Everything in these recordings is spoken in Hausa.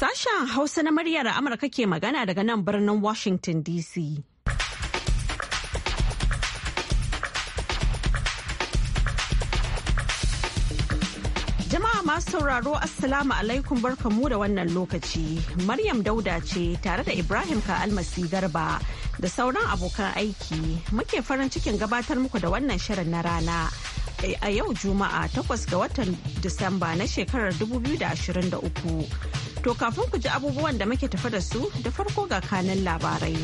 Sashen Hausa na muryar Amurka ke magana daga nan birnin Washington DC. Jama'a masu sauraro Assalamu alaikum barkamu da wannan lokaci. Maryam Dauda ce tare da Ibrahim Ka'almasi Garba da sauran abokan aiki muke farin cikin gabatar muku da wannan shirin na rana a yau juma'a takwas ga watan disamba na shekarar 2023 to kafin ku ji abubuwan da muke tafi da su da farko ga kanan labarai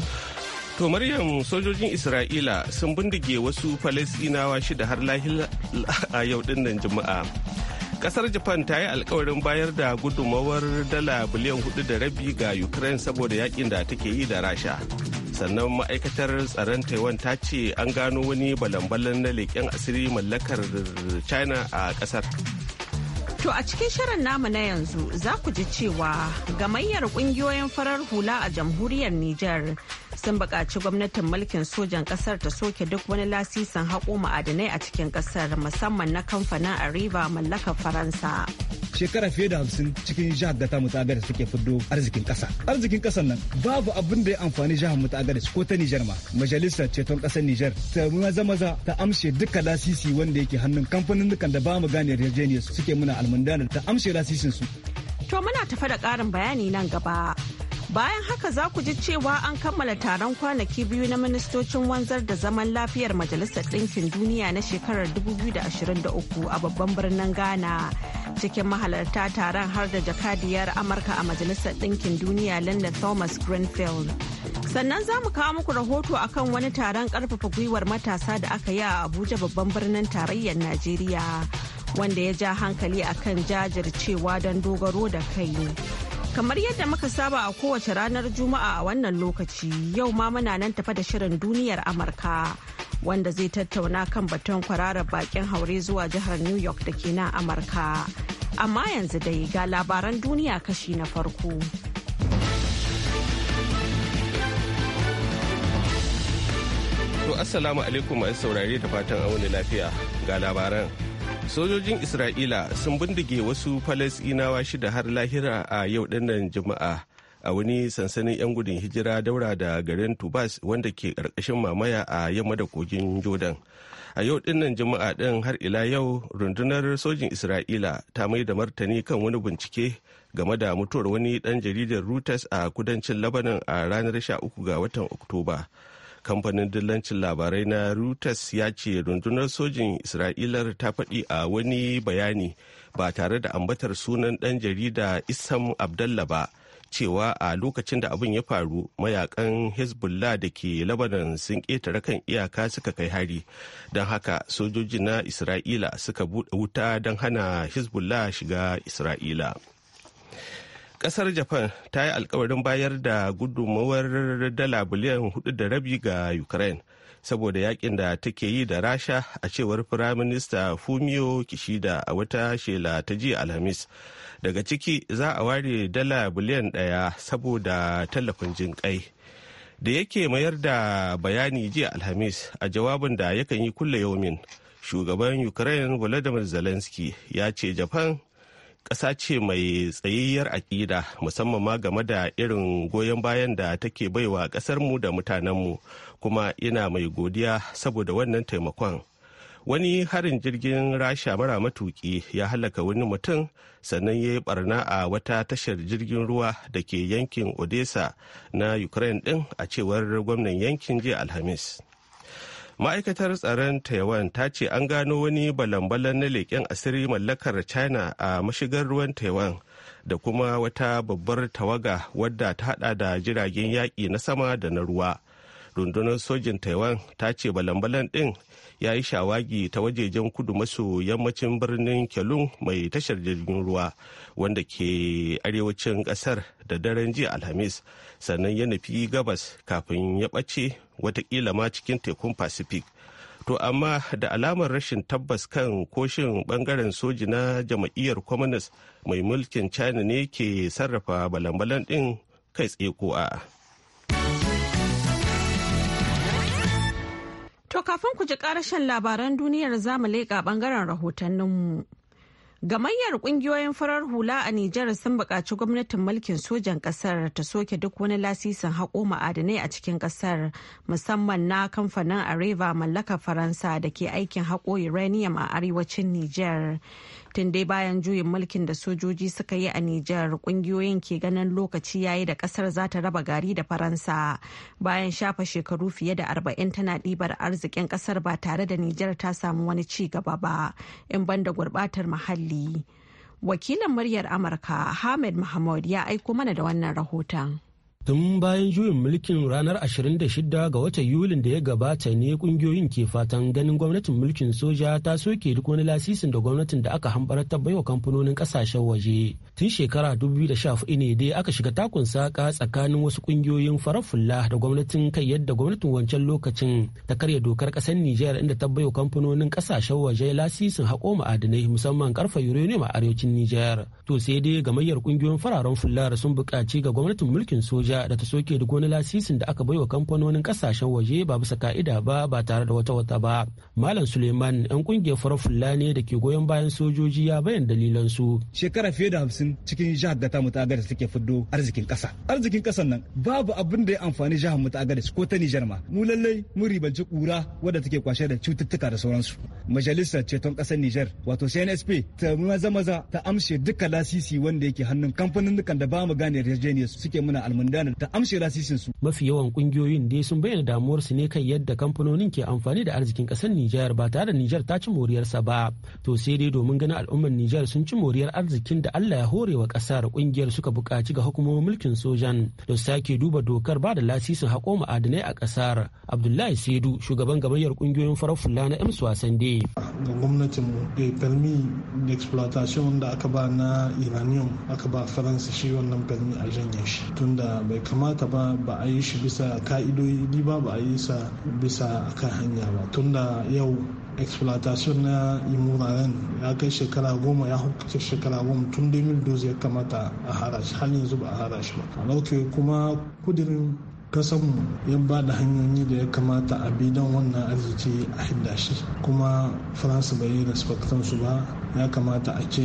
To Maryam sojojin Isra'ila sun bindige wasu falasinawa shida har lahil a yau dinnan Juma'a. Kasar Japan ta yi alkawarin bayar da gudunmawar dala biliyan hudu da rabi ga Ukraine saboda yakin da take yi da Rasha. sannan ma'aikatar tsaron taiwan ta ce an gano wani balambalan na leƙen asiri mallakar china a ƙasar To a cikin shirin namu na yanzu za ku ji cewa gamayyar kungiyoyin farar hula a jamhuriyar Nijar sun bukaci gwamnatin mulkin sojan ƙasar ta soke duk wani lasisin haƙo ma'adanai a cikin kasar musamman na kamfanin arriba mallakar Faransa. Shekara fiye da hamsin cikin jihar Gata mu da suke fiddo arzikin ƙasa. Arzikin ƙasar nan babu abin da ya amfani jihar mu da ko ta Nijar ma. Majalisar ceton kasar Nijar ta maza maza ta amshe duka lasisi wanda yake hannun kamfanin dukan da ba mu gane yarjejeniyar suke muna almundana ta amshe lasisin su. To muna tafa da karin bayani nan gaba. Bayan haka za ku ji cewa an kammala taron kwanaki biyu na ministocin wanzar da zaman lafiyar Majalisar Ɗinkin Duniya na shekarar 2023 a babban birnin Ghana. Cikin mahalarta taron har da jakadiyar Amurka a Majalisar Ɗinkin Duniya Linda Thomas Greenfield. Sannan za mu kawo muku rahoto akan wani taron karfafa gwiwar matasa da aka yi a Abuja babban birnin tarayyar Najeriya. Wanda ya ja hankali akan jajircewa don dogaro da kai. Kamar yadda muka saba a kowace ranar Juma'a a wannan lokaci yau ma muna nan tafa da shirin duniyar Amurka wanda zai tattauna kan batun kwararar bakin haure zuwa jihar New York da ke nan Amurka. Amma yanzu dai ga labaran duniya kashi na farko. To Assalamu alaikum masu saurari da fatan wani lafiya ga labaran. sojojin isra'ila sun bindige wasu falasinawa shida har lahira a yau dinnan juma'a a wani sansanin 'yan gudun hijira daura da garin tubas wanda ke karkashin mamaya a yamma da kogin jordan a yau dinnan juma'a din har ila yau rundunar sojin isra'ila ta mai da martani kan wani bincike game da mutuwar wani ɗan jaridar reuters a kudancin labanin a ranar 13 ga watan oktoba kamfanin dillancin labarai na reuters ya ce rundunar sojin isra'ila ta faɗi a wani bayani ba tare da ambatar sunan ɗan jarida isam abdallah ba cewa a lokacin da abin ya faru mayakan hezbollah da ke labanan sun ƙetare kan iyaka suka kai hari don haka sojoji na isra'ila suka buɗe wuta don hana hezbollah shiga isra'ila kasar japan ta yi alkawarin bayar da gudunmawar dala biliyan hudu da rabi ga ukraine saboda yakin da take yi da rasha a cewar firaminista fumio kishida a wata shela ta ji alhamis daga ciki za a ware dala biliyan daya saboda tallafin jin kai da yake mayar da bayani jiya alhamis a jawabin da yakan yi kulle yomin shugaban ukraine volodymyr zelensky ya ce japan ƙasa ce mai tsayayyar aƙida musamman ma game da irin goyon bayan da take baiwa ƙasarmu da mutanenmu kuma ina mai godiya saboda wannan taimakon wani harin jirgin rasha mara matuki ya halaka wani mutum sannan ya yi barna a wata tashar jirgin ruwa da ke yankin odessa na ukraine din a cewar gwamnan yankin jiya alhamis ma'aikatar tsaron taiwan ta ce an gano wani balan na leƙen asiri mallakar china a mashigar ruwan taiwan da kuma wata babbar tawaga wadda ta hada da jiragen yaƙi na sama da na ruwa rundunar sojin taiwan ta ce balambalan balan ɗin ya yi shawagi ta wajejen kudu maso yammacin birnin kelun mai tashar jirgin ruwa wanda ke arewacin kasar da daren jiya alhamis sannan ya nufi gabas kafin ya ɓace watakila ma cikin tekun pacific to amma da alamar rashin tabbas kan koshin bangaren soji na jama'iyyar communist mai mulkin china ne ke sarrafa balambalan balan ɗin kai tsaye ko a'a. kafin ku ji karashen labaran duniyar zamu leƙa ɓangaren rahotanninmu. Gamayyar ƙungiyoyin farar hula a Nijar sun buƙaci gwamnatin mulkin sojan ƙasar ta soke duk wani lasisin haƙo ma'adinai a cikin ƙasar musamman na kamfanin Areva mallakar Faransa da ke aikin haƙo uranium a arewacin Nijar. tun dai bayan juyin mulkin da sojoji suka yi a Nijar kungiyoyin ke ganin lokaci yayi da kasar za ta raba gari da Faransa bayan shafa shekaru fiye da arba'in tana ɗibar arzikin kasar ba tare da Nijar ta samu wani ci gaba ba in banda gurbatar muhalli. Wakilin muryar Amurka Ahmed Mahmud ya aiko mana da wannan rahoton. tun bayan juyin mulkin ranar 26 ga watan yulin da ya gabata ne kungiyoyin ke fatan ganin gwamnatin mulkin soja ta soke duk wani lasisin da gwamnatin da aka hambar ta baiwa kamfanonin kasashen waje tun shekara 2014 ne dai aka shiga takun saka tsakanin wasu kungiyoyin farar da gwamnatin kai yadda gwamnatin wancan lokacin ta karya dokar kasar Nijar inda ta baiwa kamfanonin kasashen waje lasisin haƙo ma'adinai musamman karfa uranium a arewacin Nijar to sai dai gamayyar kungiyoyin fararen fulla sun buƙaci ga gwamnatin mulkin soja Najeriya da ta soke duk wani lasisin da aka bai wa kamfanonin kasashen waje ba bisa ka'ida ba ba tare da wata wata ba. Malam Suleiman yan kungiyar farar Fulani da ke goyon bayan sojoji ya bayan dalilan su. Shekara fiye da hamsin cikin jihar da ta mutu agar fiddo arzikin kasa. Arzikin kasan nan babu abin da ya amfani jihar mutu ko ta Nijar ma. Mu lallai mun ribanci kura wadda take kwashe da cututtuka da sauransu. majalisar ceton ƙasar Nijar wato CNSP ta maza maza ta amshe duka lasisi wanda yake hannun kamfanin da ba mu gane yarjejeniyar suke muna almundana ta amshe lasisin su. Mafi yawan ƙungiyoyin dai sun bayyana damuwar su ne kan yadda kamfanonin ke amfani da arzikin ƙasar Nijar ba tare da Nijar ta ci moriyarsa ba. To sai dai domin ganin al'ummar Nijar sun ci moriyar arzikin da Allah ya hore wa ƙasar kungiyar suka buƙaci ga hukumomin mulkin sojan da sake duba dokar ba da lasisin haƙo ma'adanai a ƙasar. Abdullahi Sedu shugaban gamayyar ƙungiyoyin farar fulla na wasan Eh. Ga gwamnatinmu da eh, permi da exploitation da aka ba na iranium aka ba faransa shi wannan permi a janye shi tunda bai kamata ba ba a yi shi bisa ka'idodi ba ba a yi sa bisa akan hanya ba tunda yau exploitation na imuraren ya kai shekara goma ya hukuce shekara goma tun 2012 ya kamata a harashi har yanzu ba a harashi ba a kuma kudirin kasanmu ya ba da hanyoyi da ya kamata a bi don wannan arziki a hidda shi kuma faransa bai yi respectan su ba ya kamata a ce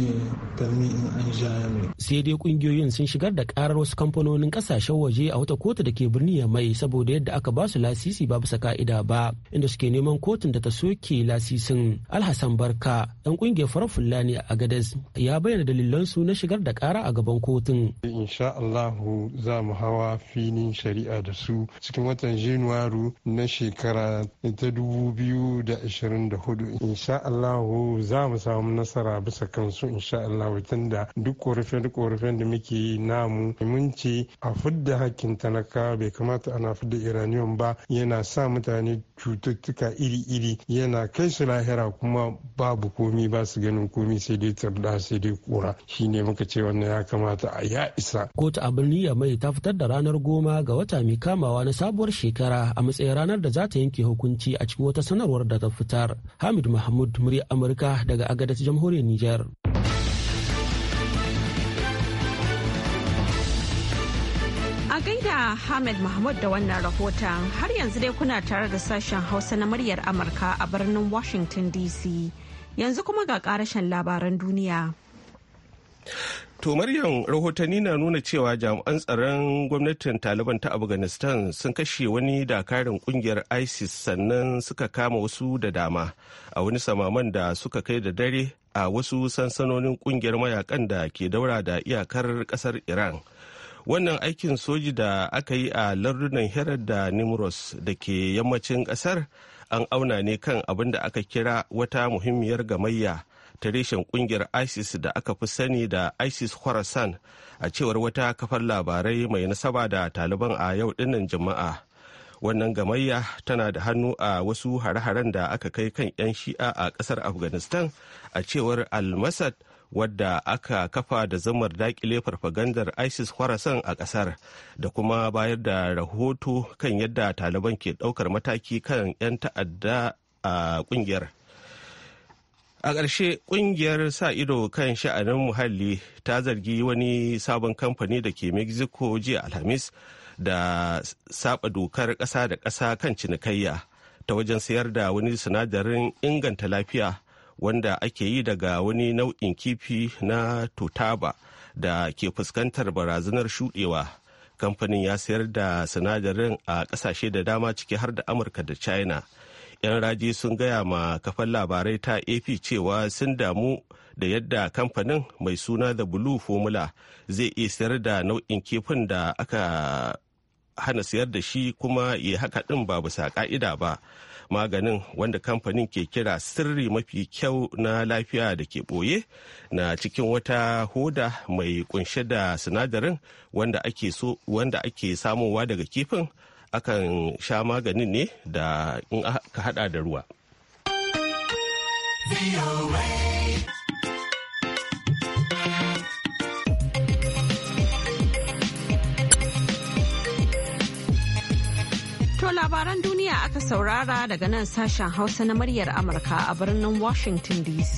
farmi in an sha mai. sai dai kungiyoyin sun shigar da karar wasu kamfanonin kasashen waje a wata kotu da ke birni ya mai saboda yadda aka ba su lasisi ba bisa ka'ida ba inda suke neman kotun da ta soke lasisin alhassan barka dan kungiyar farar fulani a gadas ya bayyana dalilansu na shigar da kara a gaban kotun. insha allahu za mu hawa filin shari'a da su cikin watan januwaru na shekara ta dubu biyu da ashirin da hudu insha allahu za mu samu nasara nasara bisa kansu insha Allah da duk duk korafen da muke yi namu mun ce a fidda hakkin talaka bai kamata ana fidda iraniyon ba yana sa mutane cututtuka iri-iri yana kai su lahira kuma babu komi ba su ganin komi sai dai tarda sai dai kura shine muka ce wannan ya kamata a ya isa kotu a birni ya mai ta fitar da ranar goma ga wata mai kamawa na sabuwar shekara a matsayin ranar da za ta yanke hukunci a cikin wata sanarwar da ta fitar hamid mahmud murya amurka daga agadas jamhuriyar jamhuriyar Nijar. A gaida Hamid Mahmud da wannan rahoton har yanzu dai kuna tare da sashen Hausa na muryar Amurka a birnin Washington DC. Yanzu kuma ga karashen labaran duniya. To Maryam rahotanni na nuna cewa jami'an tsaron gwamnatin Taliban ta Afghanistan sun kashe wani dakarin kungiyar ISIS sannan suka kama wasu da dama a wani samaman da suka kai da dare a wasu sansanonin kungiyar mayakan da ke daura da iyakar kasar iran wannan aikin soji da aka yi a lardunan herar da nimros da ke yammacin kasar an auna ne kan abin da aka kira wata muhimmiyar gamayya ta reshen kungiyar isis da aka fi sani da isis khorasan a cewar wata kafar labarai mai nasaba da taliban a yau dinnan jama'a wannan gamayya tana da hannu a wasu hare-haren da aka kai kan 'yan shi'a a kasar afghanistan a cewar almasad wadda aka kafa da zamar dakile farfagandar isis kwarasan a kasar da kuma bayar da rahoto kan yadda taliban ke ɗaukar mataki kan 'yan ta'adda a kungiyar a ƙarshe ƙungiyar sa ido kan sha'anin muhalli ta zargi wani sabon kamfani da ke mexico jiya alhamis da saba dokar ƙasa da ƙasa kan cinikayya ta wajen sayar da wani sinadarin inganta lafiya wanda ake yi daga wani nau'in kifi na totaba da ke fuskantar barazanar shudewa kamfanin ya sayar da sinadarin a ƙasashe da dama ciki har da amurka da china 'yan raji sun gaya ma kafan labarai ta ap cewa sun damu da yadda kamfanin mai suna da blue formula zai iya sayar da nau'in kifin da aka hana sayar da shi kuma ya haka din ba bisa ka'ida ba maganin wanda kamfanin ke kira sirri mafi kyau na lafiya da ke ɓoye na cikin wata hoda mai kunshe da sinadarin wanda ake samowa daga kifin akan sha maganin ne da in ka hada da ruwa To labaran duniya aka saurara daga nan sashen hausa na muryar amurka a birnin washington dc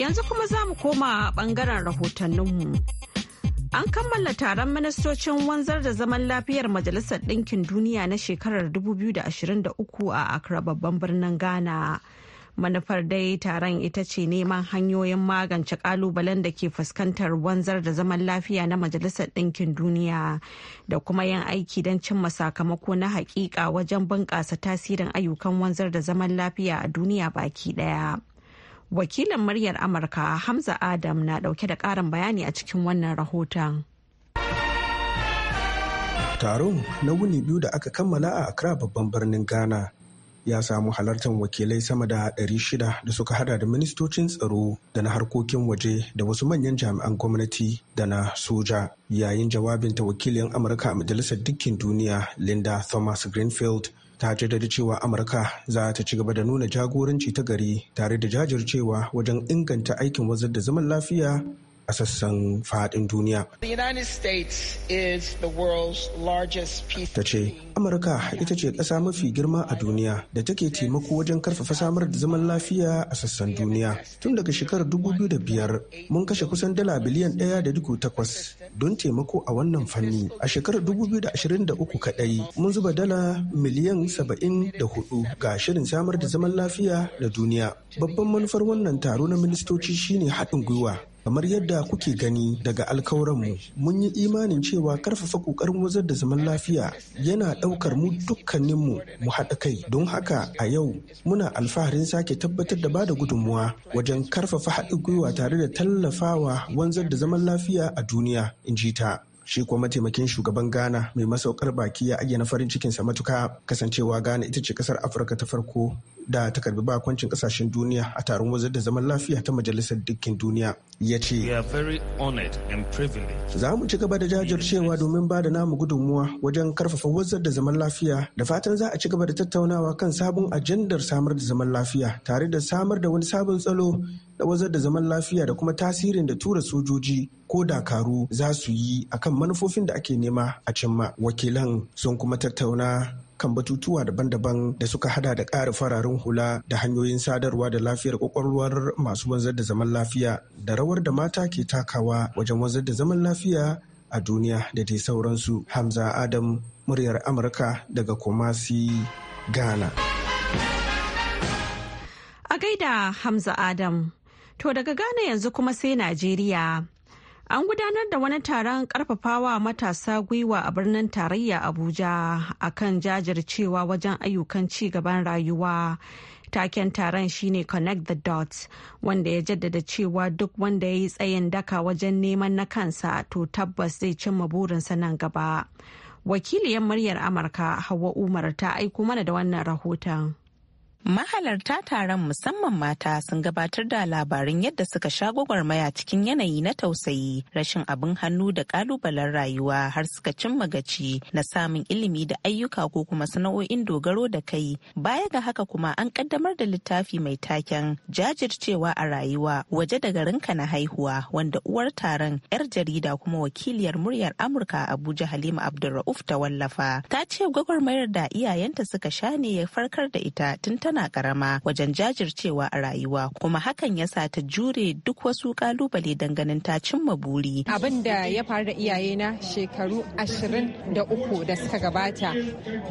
yanzu kuma za mu koma bangaren rahotanninmu. An kammala taron ministocin wanzar da zaman lafiyar Majalisar Ɗinkin Duniya na shekarar 2023 a Accra babban birnin Ghana. Manufar dai taron ita ce neman hanyoyin magance kalubalen da ke fuskantar wanzar da zaman lafiya na Majalisar Ɗinkin Duniya da kuma yin aiki don cimma sakamako na hakika wajen bunƙasa tasirin ayyukan wanzar da zaman lafiya a duniya baki ɗaya. wakilin muryar amurka hamza adam na dauke da karin bayani a cikin wannan rahoton taron na wuni biyu da aka kammala a accra babban birnin ghana ya samu halartar wakilai sama da 600 da suka hada da ministocin tsaro da na harkokin waje da wasu manyan jami'an gwamnati da na soja yayin jawabinta wakilin amurka a majalisar dukkin duniya linda thomas greenfield ta jaddada cewa amurka za ta ci gaba da nuna jagoranci ta gari tare da jajircewa wajen inganta aikin wazar da zaman lafiya a sassan fadin duniya. Ta ce, Amurka ita ce ƙasa mafi girma a duniya da take taimako wajen karfafa samar da zaman lafiya a sassan duniya. Tun daga shekarar 2005 mun kashe kusan dala biliyan ɗaya da don taimako a wannan fanni. A shekarar 2023 kaɗai mun zuba dala miliyan 74 ga shirin samar da zaman lafiya da duniya. Babban manufar wannan taro na ministoci shine haɗin gwiwa kamar yadda kuke gani daga alkawuranmu mun yi imanin cewa karfafa kokarin wazar da zaman lafiya yana daukar mu dukkaninmu mu haɗa kai don haka a yau muna alfaharin sake tabbatar da bada gudunmuwa wajen karfafa haɗin gwiwa tare da tallafawa wanzar da zaman lafiya a duniya in ji ta shi kuma mataimakin shugaban ghana mai masaukar baki ya ayyana farin cikinsa matuka kasancewa ghana ita ce kasar afirka ta farko da ta karbi bakoncin kasashen duniya a taron wazar da zaman lafiya ta majalisar dukkin duniya ya ce za mu ci gaba da jajircewa domin ba da namu gudunmuwa wajen karfafa wazar da zaman lafiya da fatan za a ci gaba da tattaunawa kan sabon ajandar samar da zaman lafiya tare da samar da wani sabon tsalo da wazar da zaman lafiya da kuma tasirin da tura sojoji ko dakaru za su yi a kan manufofin da ake nema a cimma wakilan sun kuma tattauna kan batutuwa daban-daban da suka hada da ƙara fararen hula da hanyoyin sadarwa da lafiyar kwakwalwar masu wanzar da zaman lafiya da rawar da mata ke takawa wajen wanzar da zaman lafiya a duniya da dai sauransu hamza adam muryar amurka daga kumasi ghana a gaida hamza adam To daga Ghana yanzu kuma sai Najeriya. An gudanar da wani taron karfafawa matasa gwiwa a birnin tarayya Abuja a kan jajircewa wajen ayyukan ci gaban rayuwa. Taken taron shine Connect the Dots wanda ya jaddada cewa duk wanda ya yi tsayin daka wajen neman na kansa to tabbas zai cimma burinsa nan gaba. Wakiliyar muryar Amurka Hauwa Umar ta aiko mana da wannan rahoton. Mahalarta taron musamman mata sun gabatar da labarin yadda suka sha gwagwarmaya cikin yanayi na tausayi, rashin abin hannu da kalubalen rayuwa har suka cimma gaci na samun ilimi da ayyuka ko kuma sana'o'in dogaro da kai. Baya ga haka kuma an kaddamar da littafi mai taken jajircewa a rayuwa waje da garinka na haihuwa wanda uwar taron 'yar jarida kuma wakiliyar muryar Amurka Abuja Halima Abdulrauf ta wallafa. Ta ce gwagwarmayar da iyayenta suka sha ne ya farkar da ita tun ta. tana karama wajen jajircewa a rayuwa kuma hakan ya sa ta jure duk wasu kalubale ganin ta cimma buri. Abin da ya faru da iyayena shekaru ashirin da uku da suka gabata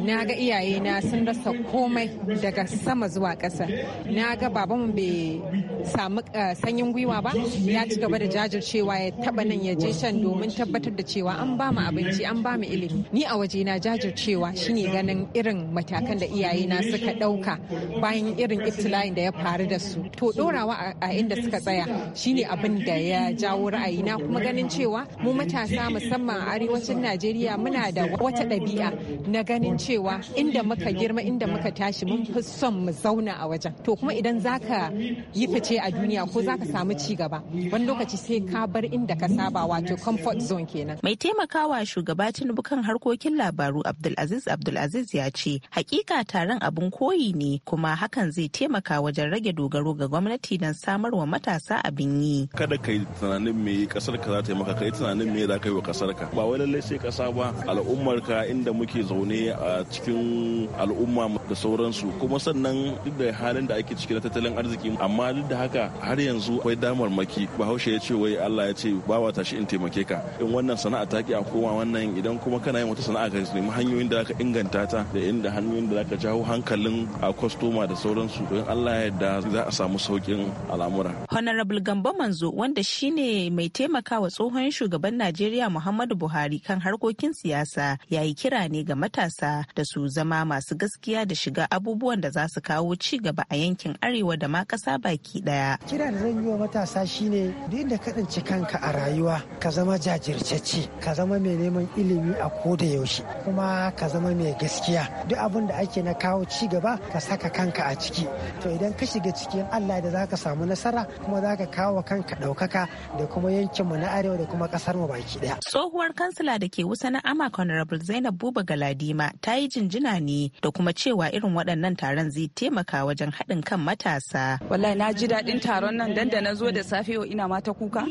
na ga iyayena sun rasa komai daga sama zuwa ƙasa. Na ga babanmu bai samu eh, sanyin gwiwa ba ya ci gaba da jajircewa ya taba nan ya je shan domin tabbatar da cewa an ba mu abinci an ba mu ilimi. Ni a wajena jajircewa shine ganin irin matakan da iyayena suka ɗauka bayan irin itilayin da ya faru da su to dorawa a inda suka tsaya shine abin da ya jawo ra'ayi na kuma ganin cewa mu matasa musamman a arewacin najeriya muna da wata ɗabi'a na ganin cewa inda muka girma inda muka tashi mun fi son mu zauna a wajen to kuma idan zaka yi fice a duniya ko zaka samu ci gaba wani lokaci sai ka bar inda ka saba wato comfort zone kenan mai taimakawa shugaba tinubu kan harkokin labaru abdulaziz abdulaziz ya ce hakika taron abin koyi ne kuma kuma hakan zai taimaka wajen rage dogaro ga gwamnati don samar wa matasa abin yi. Kada ka yi tunanin me kasar ka za ta yi maka ka yi tunanin me za ka yi wa kasar ka. Ba wai lallai sai kasa ba al'ummar ka inda muke zaune a cikin al'umma da sauransu kuma sannan duk da halin da ake ciki na tattalin arziki amma duk da haka har yanzu akwai damarmaki bahaushe ya ce wai Allah ya ce ba wa tashi in taimake ka in wannan sana'a ta ki a koma wannan idan kuma kana yin wata sana'a ka nemi hanyoyin da zaka inganta ta da inda hanyoyin da zaka jawo hankalin a kwasto hukuma da sauransu don Allah yadda za a samu saukin al'amura. Honorable Gambo Manzo wanda shine mai taimakawa tsohon shugaban Najeriya Muhammadu Buhari kan harkokin siyasa ya yi kira ne ga matasa da su zama masu gaskiya da shiga abubuwan da za su kawo ci gaba a yankin arewa da ma kasa baki ɗaya. Kira da zan yi wa matasa shine duk da kaɗance kanka a rayuwa ka zama jajirtacce ka zama mai neman ilimi a koda yaushe kuma ka zama mai gaskiya duk abin da ake na kawo ci gaba ka saka kanka a ciki to idan ka shiga cikin allah da zaka samu nasara kuma zaka kawo kanka ɗaukaka da kuma mu na arewa da kuma ƙasar mu baki ɗaya. tsohuwar kansila da ke wusa na ama honorable zainab buba galadima ta yi jinjina ne da kuma cewa irin waɗannan taron zai taimaka wajen haɗin kan matasa. wallahi na ji daɗin taron nan dan da na zo da safe yau ina mata kuka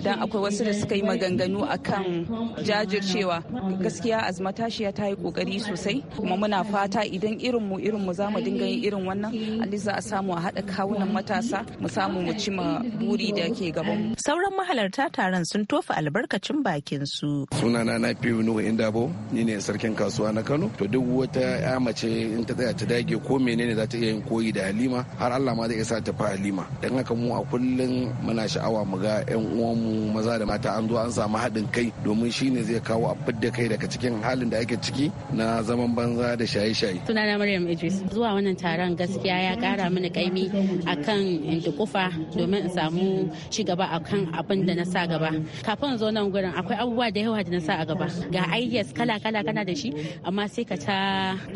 dan akwai wasu da suka yi maganganu akan jajircewa gaskiya ya ta yi kokari sosai kuma muna fata idan irin mu irin mu za mu dinga yin irin irin wannan ali za a samu a haɗa kawunan matasa mu samu mu cima buri da ke gaban sauran mahalarta taron sun tofa albarkacin bakin su sunana na fi nuhu bo ni ne sarkin kasuwa na kano to duk wata ya mace in ta tsaya ta dage ko menene za ta iya yin koyi da halima har allah ma zai isa ta fa halima dan haka mu a kullum muna sha'awa mu ga yan uwanmu maza da mata an zo an samu haɗin kai domin shine zai kawo a fidda kai daga cikin halin da ake ciki na zaman banza da shaye-shaye sunana maryam idris zuwa wannan taron taron gaskiya ya kara mini kaimi akan in kufa domin in samu ci gaba akan abin da na sa gaba kafin zo nan gurin akwai abubuwa da yawa da na sa a gaba ga ideas kala kala kana da shi amma sai ka ta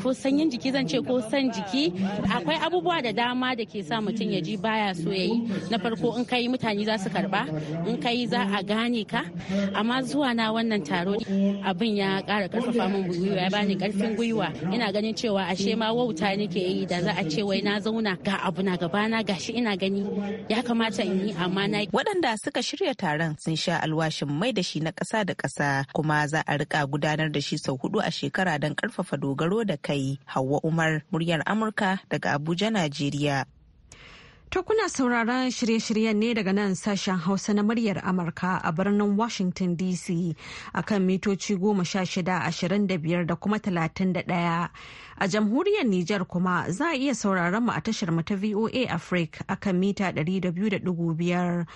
ko sanyin jiki zan ce ko san jiki akwai abubuwa da dama da ke sa mutum ya ji baya so yayi na farko in kai mutane za su karba in kai za a gane ka amma zuwa na wannan taro abin ya kara karfafa min gwiwa ya bani karfin gwiwa ina ganin cewa ashe ma wauta nake yi da za a ce wai na zauna ga abu na gabana gashi ina gani ya kamata in yi amma na waɗanda suka shirya taron sun sha alwashin mai da shi na ƙasa da ƙasa kuma za a rika gudanar da shi sau hudu a shekara don ƙarfafa dogaro da kai hawa umar muryar amurka daga abuja najeriya To kuna sauraron shirye-shiryen ne daga nan sashen Hausa na muryar Amurka a birnin Washington DC a kan mitoci goma sha shida ashirin da biyar da kuma talatin da ɗaya. A jamhuriyar Nijar kuma za a iya sauraron mu a tashar mu ta VOA Africa a kan mita ɗari da biyu da ɗigo biyar.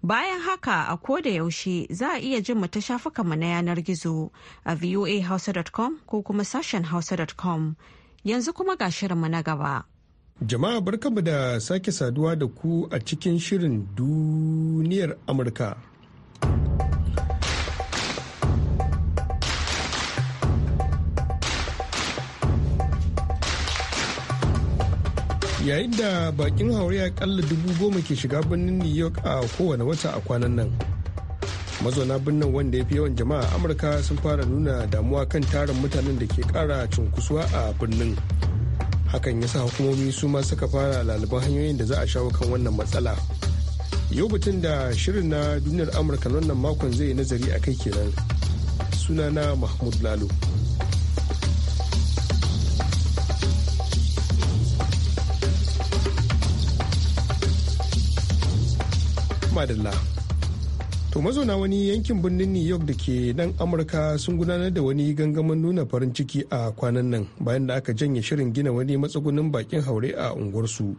Bayan haka a ko da yaushe za a iya jin mu ta mu na yanar gizo a voahausa.com ko kuma sashen hausa.com. Yanzu kuma ga shirinmu na gaba. Jama'a barkanmu da sake saduwa da ku a cikin shirin duniyar Amurka. Yayin da bakin haure kalla dubu goma ke shiga birnin New York a kowane wata a kwanan nan. Mazauna birnin wanda ya fi yawan jama'a Amurka sun fara nuna damuwa kan tarin mutanen da ke kara cunkusuwa a birnin. hakan ya sa hukumomi su ma suka fara laliban hanyoyin da za a shawo kan wannan matsala yau batun da shirin na duniyar amurka wannan makon zai nazari a kai kenan sunana mahmud lalo madalla To mazauna wani yankin birnin New York da ke nan Amurka sun gudanar da wani gangamin nuna farin ciki a kwanan nan bayan da aka janye shirin gina wani matsugunin bakin haure a unguwarsu.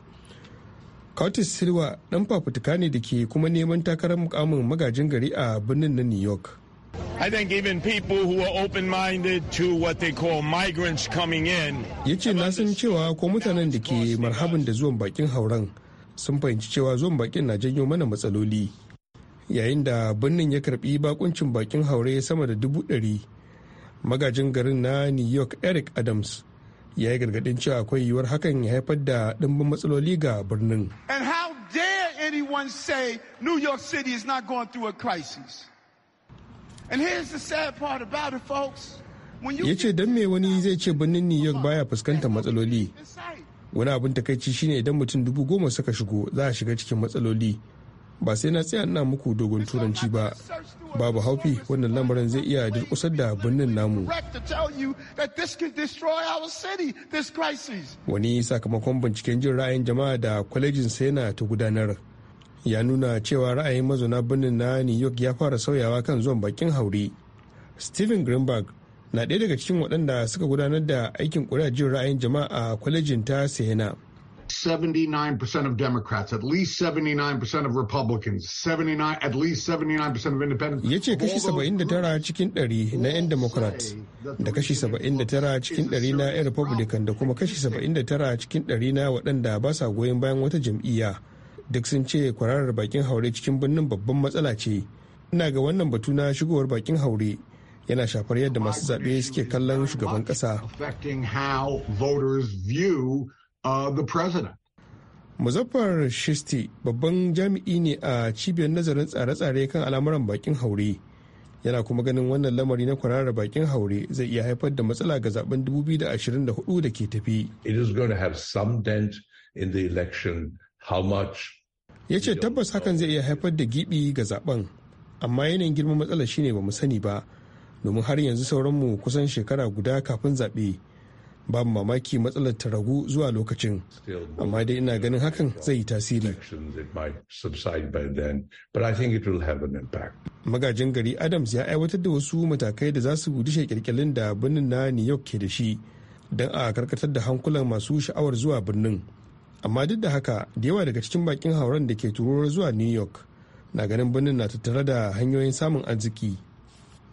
Curtis Silva dan fafutuka ne da ke kuma neman takarar mukamin magajin gari a birnin na New York. I think even people who are open-minded to what they call migrants coming in. yace na san cewa ko mutanen da ke marhaban da zuwan bakin hauren sun fahimci cewa zuwan bakin na janyo mana matsaloli. yayin da birnin ya karbi bakuncin bakin haure sama da dubu ɗari magajin garin na new york eric adams ya yi gargadin cewa akwai yiwuwar hakan ya haifar da ɗimbin matsaloli ga birnin ya ce don me wani zai ce birnin new york baya fuskantar matsaloli wani abin takaici shine idan mutum dubu goma suka shigo za a shiga cikin matsaloli ba sai na tsaya ina muku dogon turanci ba babu haufi wannan lamarin zai iya durkusar da birnin namu wani sakamakon binciken jin ra'ayin jama'a da kwalejin sena ta gudanar ya nuna cewa ra'ayin mazauna birnin na new york ya fara sauyawa kan zuwan bakin hauri. steven greenberg na ɗaya daga cikin waɗanda suka gudanar da aikin jin ra'ayin jama'a a kwalejin ta sena 79% of Democrats, at least 79% of Republicans, 79 at least 79% of independents. Ya ce kashi 79 cikin 100 na 'yan Democrats da kashi 79 cikin 100 na 'yan Republican da kuma kashi 79 cikin 100 na waɗanda ba sa goyon bayan wata jam'iyya duk sun ce kwararar bakin haure cikin birnin babban matsala ce. Ina ga wannan batu na shigowar bakin haure yana shafar yadda masu zaɓe suke kallon shugaban ƙasa. the president. Muzaffar Shisti babban jami'i ne a cibiyar nazarin tsare-tsare kan al'amuran bakin haure. Yana kuma ganin wannan lamari na kwararar bakin haure zai iya haifar da matsala ga zaben 2024 da ke tafi. It is going to have some dent in the election how much ya ce tabbas hakan zai iya haifar da gibi ga zaben amma yanayin girman matsalar shine ba mu sani ba domin har yanzu sauranmu kusan shekara guda kafin zaɓe babu mamaki matsalar ta ragu zuwa lokacin amma dai ina ganin hakan zai yi tasiri magajin gari adams ya aiwatar da wasu matakai da za su shi kirkirin da birnin na new york ke da shi don a karkatar da hankulan masu sha'awar zuwa birnin amma duk da haka da yawa daga cikin bakin hauren da ke turuwar zuwa new york na ganin birnin na tattare da hanyoyin samun arziki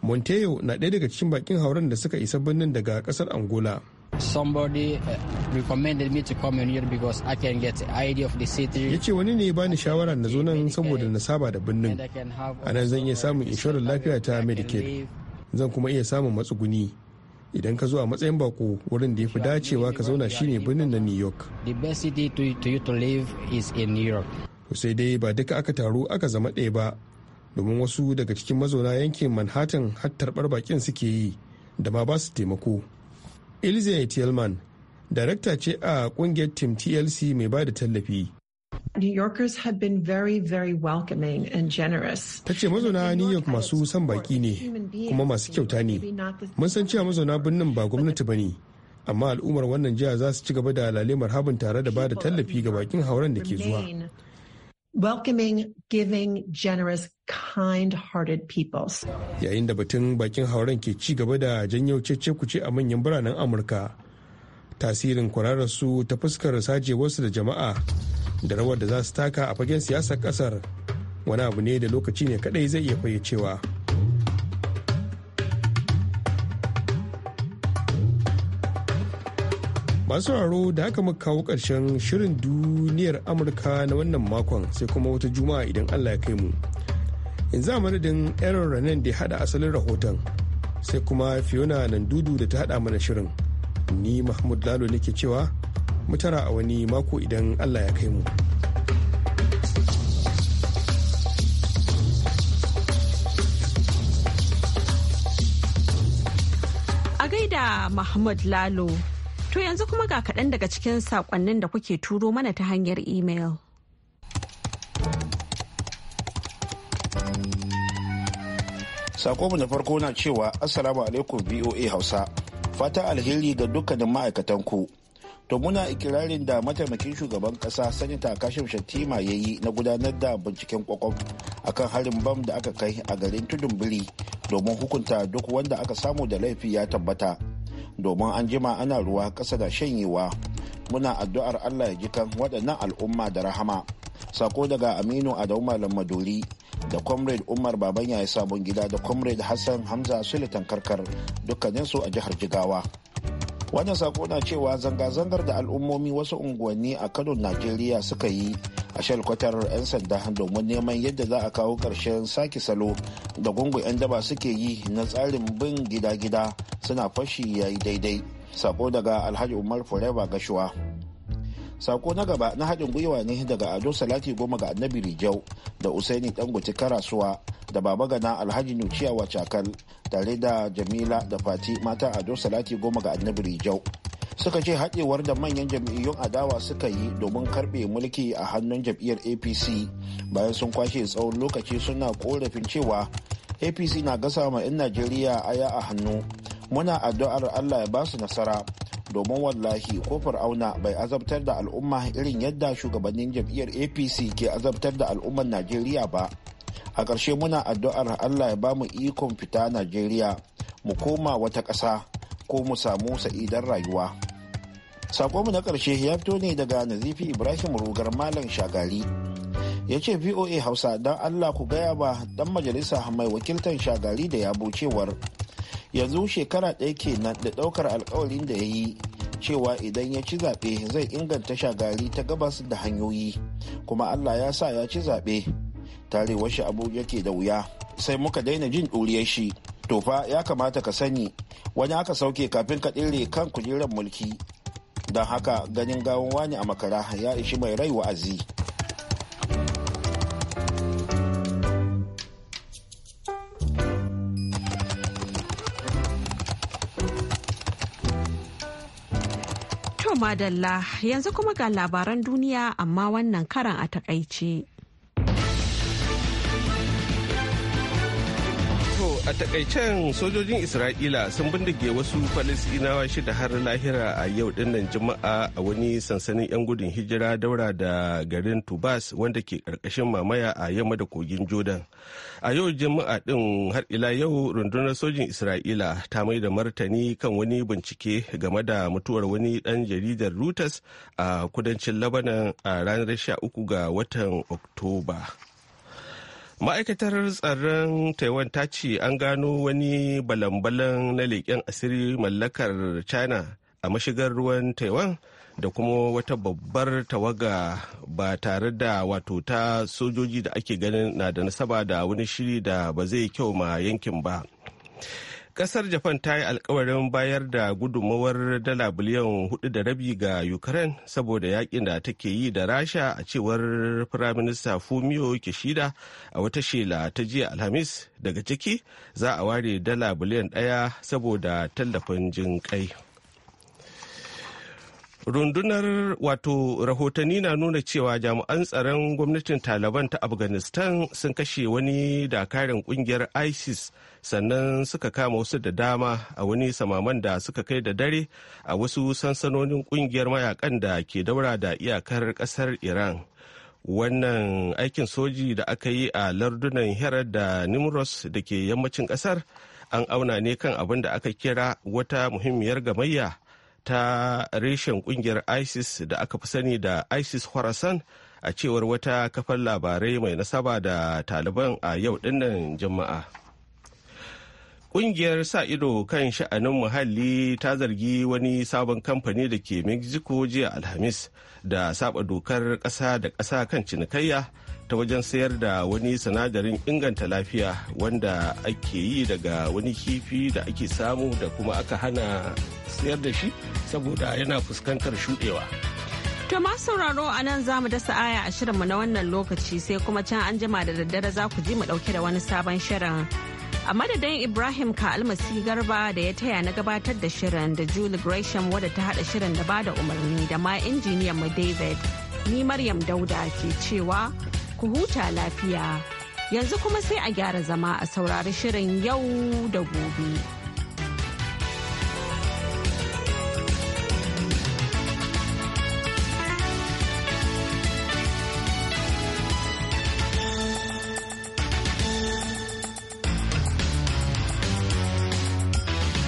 monteo na ɗaya daga cikin bakin hauren da suka isa birnin daga ƙasar angola somebody uh, recommended me to come in here because get idea of the city. Yace wani ne bani shawara na zo nan saboda na saba da birnin. A nan zan iya samun inshorar lafiya ta Medicaid. Zan kuma iya samun matsuguni. Idan ka zo a matsayin bako wurin da ya fi dacewa ka zauna shine birnin na New York. The best to, live is in New York. Sai dai ba duka aka taru aka zama ɗaya ba. Domin wasu daga cikin mazauna yankin Manhattan har tarbar bakin suke yi da ma ba su taimako. elizabeth Tillman, darakta ce a kungiyar tim tlc mai ba da tallafi New Yorkers have been very, very welcoming and generous. Ta ce mazauna New York masu son baki ne kuma masu kyauta ne. Mun san cewa mazauna birnin ba gwamnati ba ne, amma al'ummar wannan jiha za su ci gaba da lalemar habin tare da bada tallafi ga bakin hauren da ke zuwa. welcoming, giving, generous, kind-hearted peoples. Yayin da batun bakin hauren ke ci gaba da janyo cece-kuce a manyan biranen Amurka, tasirin kwararsu ta fuskar sajewarsu da jama'a da rawar da za su taka a fagen siyasar kasar wani abu ne da lokaci ne kadai zai iya fayyacewa. cewa. masu sauraro da haka muka kawo ƙarshen shirin duniyar amurka na wannan makon sai kuma wata juma'a idan allah ya kai mu yanzu a madadin aaron ranen da ya hada asalin rahoton sai kuma fiona nan dudu da ta hada mana shirin ni mahmud lalo nake cewa mutara a wani mako idan allah ya kai mu a gaida mahmud lalo To yanzu kuma ga kaɗan daga cikin saƙonnin da kuke turo mana ta hanyar imel. Sako mu na farko na cewa Assalamu alaikum VOA Hausa. Fata alheri ga dukkanin ma'aikatan ku. to muna ikirarin da mataimakin shugaban kasa sanita kashim shattima ya yi na gudanar da binciken kwakwam akan harin bam da aka kai a garin tudun biri domin hukunta duk wanda aka samu da laifi ya tabbata domin an jima ana ruwa ƙasa da shanyewa muna addu'ar allah ya jikan waɗannan al'umma da rahama sako daga aminu adamu malam maduri da comrade umar baban ya sabon gida da comrade hassan hamza sulitan karkar dukkaninsu a jihar jigawa wannan sako na cewa zanga-zangar da al'ummomi wasu unguwanni a kano najeriya suka yi a shalkwatar 'yan sanda domin neman yadda za a kawo ƙarshen sake salo da gungun 'yan daba suke yi na tsarin bin gida-gida suna fashi ya yi daidai sako daga alhaji umar forever gashuwa sako na gaba na haɗin gwiwa ne daga ado salati goma ga annabi rijau da usaini dangote karasuwa da baba gana alhaji nuciya cakal tare da jamila da fati mata ado salati goma ga annabi rijau suka ce haɗewar da manyan jam'iyyun adawa suka yi domin karɓe mulki a hannun jam'iyyar apc bayan sun kwashe tsawon lokaci suna korafin cewa apc na gasa ma 'yan najeriya aya a hannu muna addu'ar allah ya ba su nasara domin wallahi kofar auna bai azabtar da al'umma irin yadda shugabannin jam'iyyar apc ke azabtar da al'ummar najeriya ba a ƙarshe muna addu'ar allah ya ba mu ikon fita najeriya mu koma wata ƙasa ko mu samu sa'idar rayuwa mu na karshe ya fito ne daga nazifi ibrahim rugar malam shagali ya ce voa hausa don allah ku gaya ba dan majalisa mai wakiltar shagali da yabo cewar yanzu shekara ɗaya kenan da ɗaukar alkawarin da ya yi cewa idan ya ci zaɓe zai inganta shagali ta gabas da hanyoyi kuma allah ya sa ya ci zaɓe tarewar shi abu yake da wuya sai muka daina jin ɗuriyar shi to fa ya kamata ka sani wani aka sauke kafin ka ɗire kan kujerar mulki don haka ganin gawon wani a makara ya ishi mai rai wa'azi madalla yanzu kuma ga labaran duniya amma wannan karan a takaice. a takaicen sojojin isra'ila sun bindige wasu falasinawa shida har lahira a yau dinnan juma'a a wani sansanin 'yan gudun hijira daura da garin tubas wanda ke karkashin mamaya a yamma da kogin jordan a yau juma'a din har ila yau rundunar sojin isra'ila ta mai da martani kan wani bincike game da mutuwar wani dan jaridar reuters a kudancin labanan a ranar 13 ga watan oktoba ma'aikatar tsaron taiwan ta ce an gano wani balan-balan na leƙen asiri mallakar china a mashigar ruwan taiwan da kuma wata babbar tawaga ba tare da wato ta sojoji da ake ganin na da nasaba da wani shiri da ba zai kyau ma yankin ba Kasar Japan ta yi alkawarin bayar da gudummawar dala biliyan hudu da rabi ga Ukraine saboda yakin da take yi da Rasha a cewar Firaminista Fumio Kishida a wata shela ta jiya Alhamis daga ciki za a ware dala biliyan daya saboda tallafin jinƙai. rundunar wato rahotanni na nuna cewa jami'an tsaron gwamnatin taliban ta afghanistan sun kashe wani dakarin kungiyar isis sannan suka kama wasu da dama a wani samaman da suka kai da dare a wasu sansanonin kungiyar mayakan da ke daura da iyakar kasar iran wannan aikin soji da aka yi a lardunan herar da nimros da ke yammacin kasar an auna ne kan abin da aka kira wata muhimmiyar gamayya ta reshen kungiyar isis da aka fi sani da isis khorasan a cewar wata kafar labarai mai nasaba da taliban a yau dinnan jama'a kungiyar sa ido kan sha'anin muhalli ta zargi wani sabon kamfani da ke mexico jiya alhamis da saba dokar ƙasa da ƙasa kan cinikayya ta wajen sayar da wani sinadarin inganta lafiya wanda ake yi daga wani kifi da ake samu da kuma aka hana sayar da shi saboda yana fuskantar shuɗewa. To ma sauraro a nan za mu dasa aya a shirinmu na wannan lokaci sai kuma can an jima da daddare za ku ji mu ɗauke da wani sabon shirin. A madadin Ibrahim ka almasi garba da ya taya na gabatar da shirin da Julie Gresham wadda ta hada shirin da bada umarni da ma injiniyan mu David. Ni Maryam Dauda ke cewa ku huta lafiya. Yanzu kuma sai a gyara zama a saurari shirin yau da gobe.